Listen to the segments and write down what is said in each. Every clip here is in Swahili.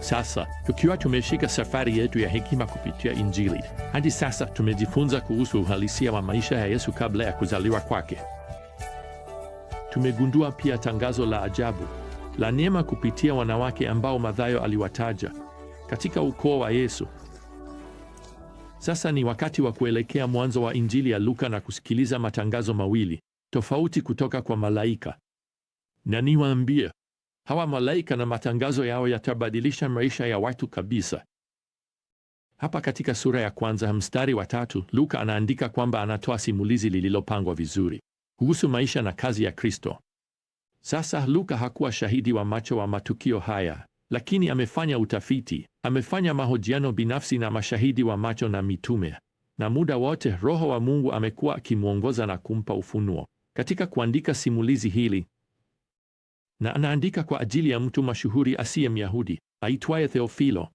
Sasa tukiwa tumeshika safari yetu ya hekima kupitia Injili, hadi sasa tumejifunza kuhusu uhalisia wa maisha ya Yesu kabla ya kuzaliwa kwake. Tumegundua pia tangazo la ajabu la neema kupitia wanawake ambao Mathayo aliwataja katika ukoo wa Yesu. Sasa ni wakati wa kuelekea mwanzo wa Injili ya Luka na kusikiliza matangazo mawili tofauti kutoka kwa malaika. Na niwaambie, Hawa malaika na matangazo yao yatabadilisha maisha ya watu kabisa. Hapa katika sura ya kwanza mstari wa tatu, Luka anaandika kwamba anatoa simulizi lililopangwa vizuri kuhusu maisha na kazi ya Kristo. Sasa Luka hakuwa shahidi wa macho wa matukio haya, lakini amefanya utafiti, amefanya mahojiano binafsi na mashahidi wa macho na mitume, na muda wote Roho wa Mungu amekuwa akimwongoza na kumpa ufunuo katika kuandika simulizi hili na anaandika kwa ajili ya mtu mashuhuri asiye Myahudi aitwaye Theofilo.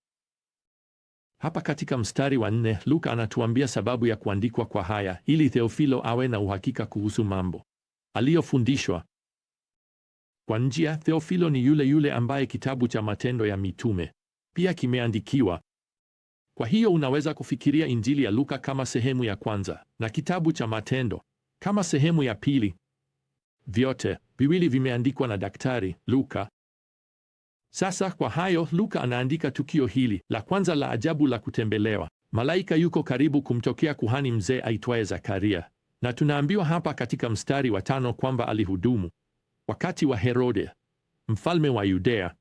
Hapa katika mstari wa nne Luka anatuambia sababu ya kuandikwa kwa haya, ili Theofilo awe na uhakika kuhusu mambo aliyofundishwa. Kwa njia, Theofilo ni yule yule ambaye kitabu cha Matendo ya Mitume pia kimeandikiwa. Kwa hiyo unaweza kufikiria Injili ya Luka kama sehemu ya kwanza na kitabu cha Matendo kama sehemu ya pili. Vyote viwili vimeandikwa na Daktari Luka. Sasa kwa hayo, Luka anaandika tukio hili la kwanza la ajabu la kutembelewa. Malaika yuko karibu kumtokea kuhani mzee aitwaye Zakaria, na tunaambiwa hapa katika mstari wa tano kwamba alihudumu wakati wa Herode mfalme wa Yudea.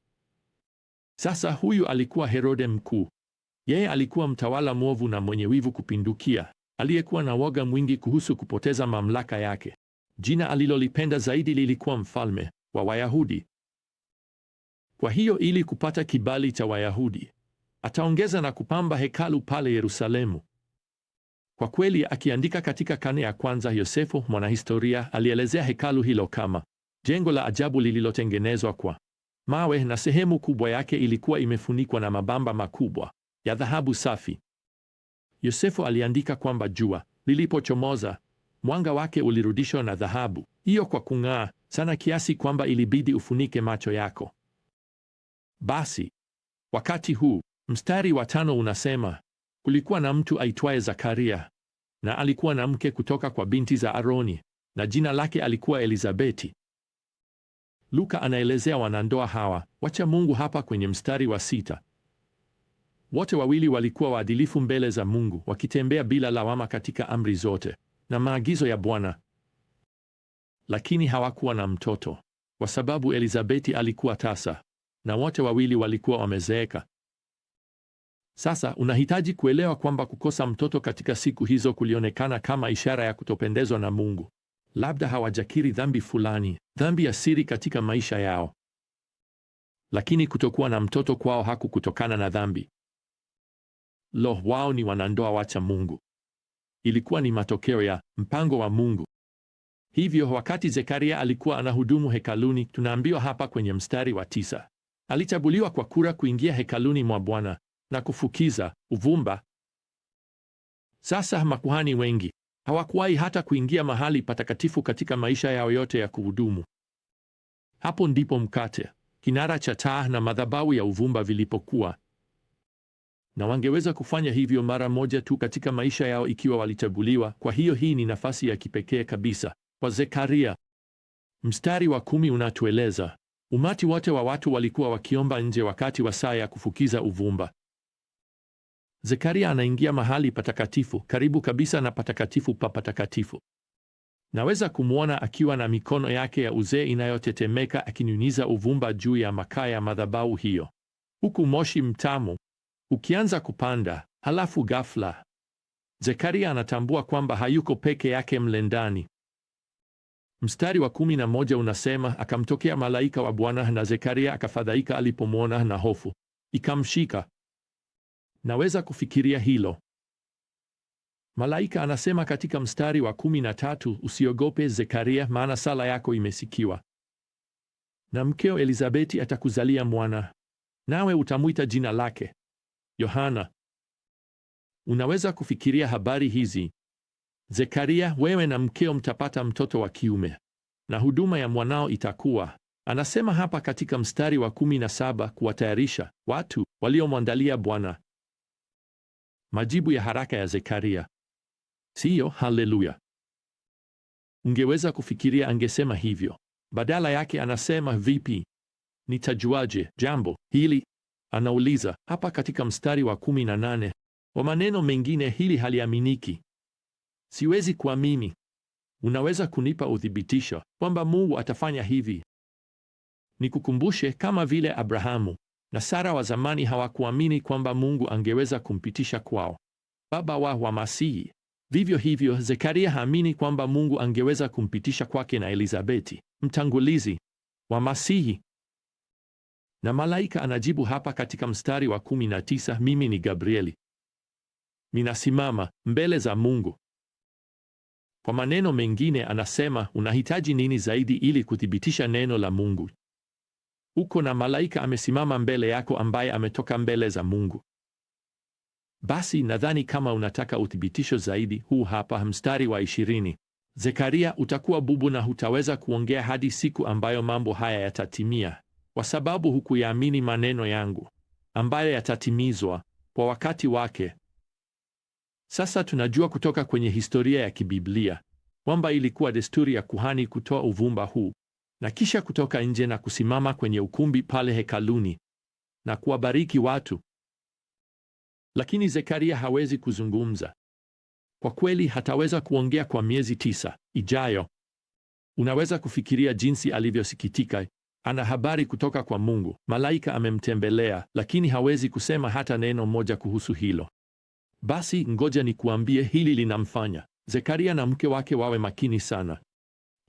Sasa huyu alikuwa Herode mkuu. Yeye alikuwa mtawala mwovu na mwenye wivu kupindukia, aliyekuwa na woga mwingi kuhusu kupoteza mamlaka yake. Jina alilolipenda zaidi lilikuwa mfalme wa Wayahudi. Kwa hiyo ili kupata kibali cha Wayahudi, ataongeza na kupamba hekalu pale Yerusalemu. Kwa kweli, akiandika katika karne ya kwanza, Yosefu mwanahistoria alielezea hekalu hilo kama jengo la ajabu lililotengenezwa kwa mawe na sehemu kubwa yake ilikuwa imefunikwa na mabamba makubwa ya dhahabu safi. Yosefu aliandika kwamba jua lilipochomoza Mwanga wake ulirudishwa na dhahabu hiyo kwa kung'aa sana kiasi kwamba ilibidi ufunike macho yako. Basi wakati huu mstari wa tano unasema kulikuwa na mtu aitwaye Zakaria, na alikuwa na mke kutoka kwa binti za Aroni, na jina lake alikuwa Elizabeti. Luka anaelezea wanandoa hawa wacha Mungu hapa kwenye mstari wa sita. Wote wawili walikuwa waadilifu mbele za Mungu, wakitembea bila lawama katika amri zote na maagizo ya Bwana, lakini hawakuwa na mtoto kwa sababu Elizabeti alikuwa tasa na wote wawili walikuwa wamezeeka. Sasa unahitaji kuelewa kwamba kukosa mtoto katika siku hizo kulionekana kama ishara ya kutopendezwa na Mungu. Labda hawajakiri dhambi fulani, dhambi ya siri katika maisha yao, lakini kutokuwa na mtoto kwao hakukutokana na dhambi. Lo, wao ni wanandoa wacha Mungu ilikuwa ni matokeo ya mpango wa Mungu. Hivyo wakati Zekaria alikuwa anahudumu hekaluni, tunaambiwa hapa kwenye mstari wa tisa, alichaguliwa kwa kura kuingia hekaluni mwa Bwana na kufukiza uvumba. Sasa makuhani wengi hawakuwahi hata kuingia mahali patakatifu katika maisha yao yote ya kuhudumu. Hapo ndipo mkate, kinara cha taa na madhabahu ya uvumba vilipokuwa na wangeweza kufanya hivyo mara moja tu katika maisha yao ikiwa walichaguliwa. Kwa hiyo hii ni nafasi ya kipekee kabisa kwa Zekaria. Mstari wa kumi unatueleza umati wote wa watu walikuwa wakiomba nje wakati wa saa ya kufukiza uvumba. Zekaria anaingia mahali patakatifu, karibu kabisa na patakatifu pa patakatifu. Naweza kumwona akiwa na mikono yake ya uzee inayotetemeka akinyunyiza uvumba juu ya makaa ya madhabahu hiyo, huku moshi mtamu ukianza kupanda, halafu ghafla Zekaria anatambua kwamba hayuko peke yake mle ndani. Mstari wa kumi na moja unasema akamtokea malaika wa Bwana na Zekaria akafadhaika alipomwona na hofu ikamshika. Naweza kufikiria hilo. Malaika anasema katika mstari wa kumi na tatu, usiogope Zekaria, maana sala yako imesikiwa, na mkeo Elizabeti atakuzalia mwana, nawe utamwita jina lake Yohana. Unaweza kufikiria habari hizi. Zekaria, wewe na mkeo mtapata mtoto wa kiume na huduma ya mwanao itakuwa anasema hapa katika mstari wa kumi na saba kuwatayarisha watu waliomwandalia Bwana. Majibu ya haraka ya Zekaria siyo haleluya. Ungeweza kufikiria angesema hivyo. Badala yake anasema vipi? Nitajuaje jambo hili? Anauliza hapa katika mstari wa kumi na nane kwa maneno mengine, hili haliaminiki. Siwezi kuamini. Unaweza kunipa uthibitisho kwamba Mungu atafanya hivi? Nikukumbushe, kama vile Abrahamu na Sara wa zamani hawakuamini kwamba Mungu angeweza kumpitisha kwao baba wa wa Masihi. Vivyo hivyo, Zekaria haamini kwamba Mungu angeweza kumpitisha kwake na Elizabeti mtangulizi wa Masihi. Na malaika anajibu hapa katika mstari wa 19, mimi ni Gabrieli, ninasimama mbele za Mungu. Kwa maneno mengine, anasema unahitaji nini zaidi ili kuthibitisha neno la Mungu? Uko na malaika amesimama mbele yako ambaye ametoka mbele za Mungu. Basi nadhani kama unataka uthibitisho zaidi, huu hapa mstari wa ishirini: Zekaria, utakuwa bubu na hutaweza kuongea hadi siku ambayo mambo haya yatatimia kwa sababu hukuyaamini maneno yangu ambayo yatatimizwa kwa wakati wake. Sasa tunajua kutoka kwenye historia ya kibiblia kwamba ilikuwa desturi ya kuhani kutoa uvumba huu na kisha kutoka nje na kusimama kwenye ukumbi pale hekaluni na kuwabariki watu. Lakini Zekaria hawezi kuzungumza. Kwa kweli hataweza kuongea kwa miezi tisa ijayo. Unaweza kufikiria jinsi alivyosikitika ana habari kutoka kwa Mungu. Malaika amemtembelea, lakini hawezi kusema hata neno moja kuhusu hilo. Basi ngoja nikuambie, hili linamfanya Zekaria na mke wake wawe makini sana.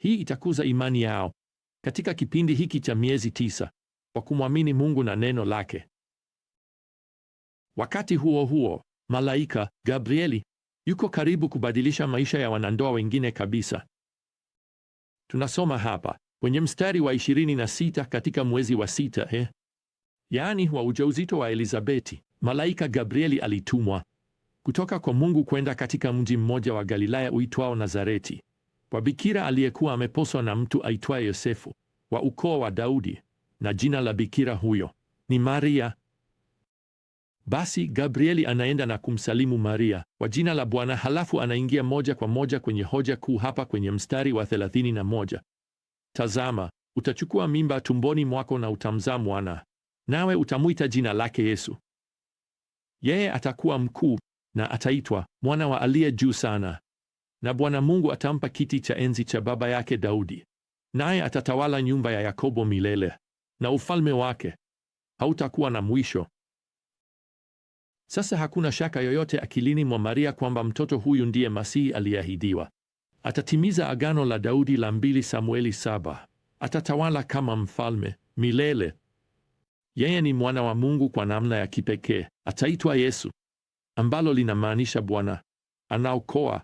Hii itakuza imani yao katika kipindi hiki cha miezi tisa kwa kumwamini Mungu na neno lake. Wakati huo huo, malaika Gabrieli yuko karibu kubadilisha maisha ya wanandoa wengine kabisa. Tunasoma hapa kwenye mstari wa ishirini na sita katika mwezi wa sita eh, yaani wa ujauzito wa Elizabeti, malaika Gabrieli alitumwa kutoka kwa Mungu kwenda katika mji mmoja wa Galilaya uitwao Nazareti kwa bikira aliyekuwa ameposwa na mtu aitwaye Yosefu wa ukoo wa Daudi, na jina la bikira huyo ni Maria. Basi Gabrieli anaenda na kumsalimu Maria kwa jina la Bwana, halafu anaingia moja kwa moja kwenye hoja kuu hapa kwenye mstari wa 31 Tazama, utachukua mimba tumboni mwako na utamzaa mwana, nawe utamwita jina lake Yesu. Yeye atakuwa mkuu na ataitwa mwana wa aliye juu sana, na Bwana Mungu atampa kiti cha enzi cha baba yake Daudi, naye atatawala nyumba ya Yakobo milele, na ufalme wake hautakuwa na mwisho. Sasa hakuna shaka yoyote akilini mwa Maria kwamba mtoto huyu ndiye Masihi aliyeahidiwa. Atatimiza agano la Daudi la mbili Samueli saba. Atatawala kama mfalme milele. Yeye ni mwana wa Mungu kwa namna ya kipekee. Ataitwa Yesu, ambalo linamaanisha Bwana anaokoa.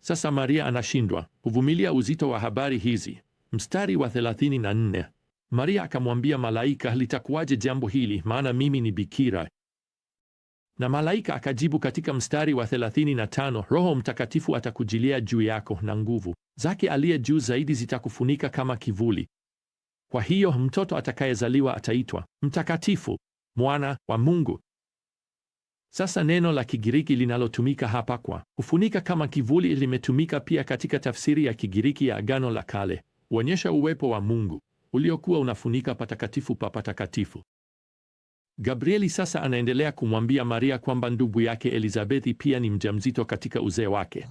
Sasa Maria anashindwa kuvumilia uzito wa habari hizi. Mstari wa 34, Maria akamwambia malaika, litakuwaje jambo hili? Maana mimi ni bikira. Na malaika akajibu katika mstari wa 35, Roho Mtakatifu atakujilia juu yako na nguvu zake aliye juu zaidi zitakufunika kama kivuli. Kwa hiyo mtoto atakayezaliwa ataitwa mtakatifu, mwana wa Mungu. Sasa neno la Kigiriki linalotumika hapa kwa kufunika kama kivuli limetumika pia katika tafsiri ya Kigiriki ya Agano la Kale, huonyesha uwepo wa Mungu uliokuwa unafunika patakatifu pa patakatifu. Gabrieli sasa anaendelea kumwambia Maria kwamba ndugu yake Elizabethi pia ni mjamzito katika uzee wake.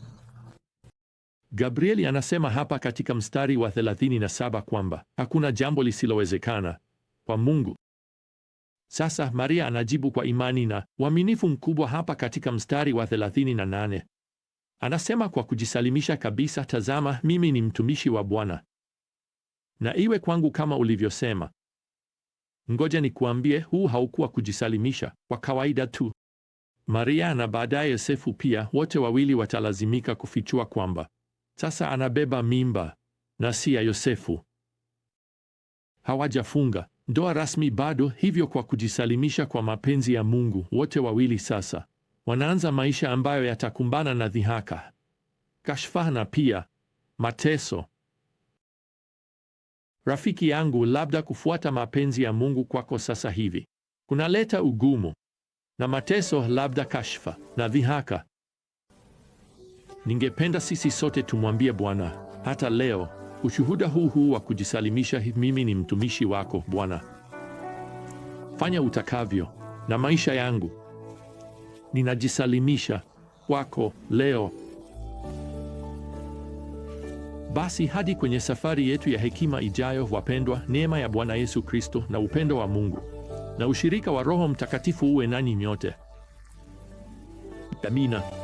Gabrieli anasema hapa katika mstari wa 37 kwamba hakuna jambo lisilowezekana kwa Mungu. Sasa Maria anajibu kwa imani na uaminifu mkubwa hapa katika mstari wa 38. Anasema kwa kujisalimisha kabisa, tazama, mimi ni mtumishi wa Bwana, na iwe kwangu kama ulivyosema. Ngoja nikuambie, huu haukuwa kujisalimisha kwa kawaida tu. Maria na baadaye Yosefu pia, wote wawili watalazimika kufichua kwamba sasa anabeba mimba na si ya Yosefu. Hawajafunga ndoa rasmi bado, hivyo kwa kujisalimisha kwa mapenzi ya Mungu, wote wawili sasa wanaanza maisha ambayo yatakumbana na dhihaka, kashfa na pia mateso. Rafiki yangu, labda kufuata mapenzi ya Mungu kwako sasa hivi kunaleta ugumu na mateso, labda kashfa na dhihaka. Ningependa sisi sote tumwambie Bwana hata leo ushuhuda huu huu wa kujisalimisha: mimi ni mtumishi wako Bwana, fanya utakavyo na maisha yangu, ninajisalimisha kwako leo. Basi hadi kwenye safari yetu ya hekima ijayo, wapendwa, neema ya Bwana Yesu Kristo na upendo wa Mungu na ushirika wa Roho Mtakatifu uwe nanyi nyote. Amina.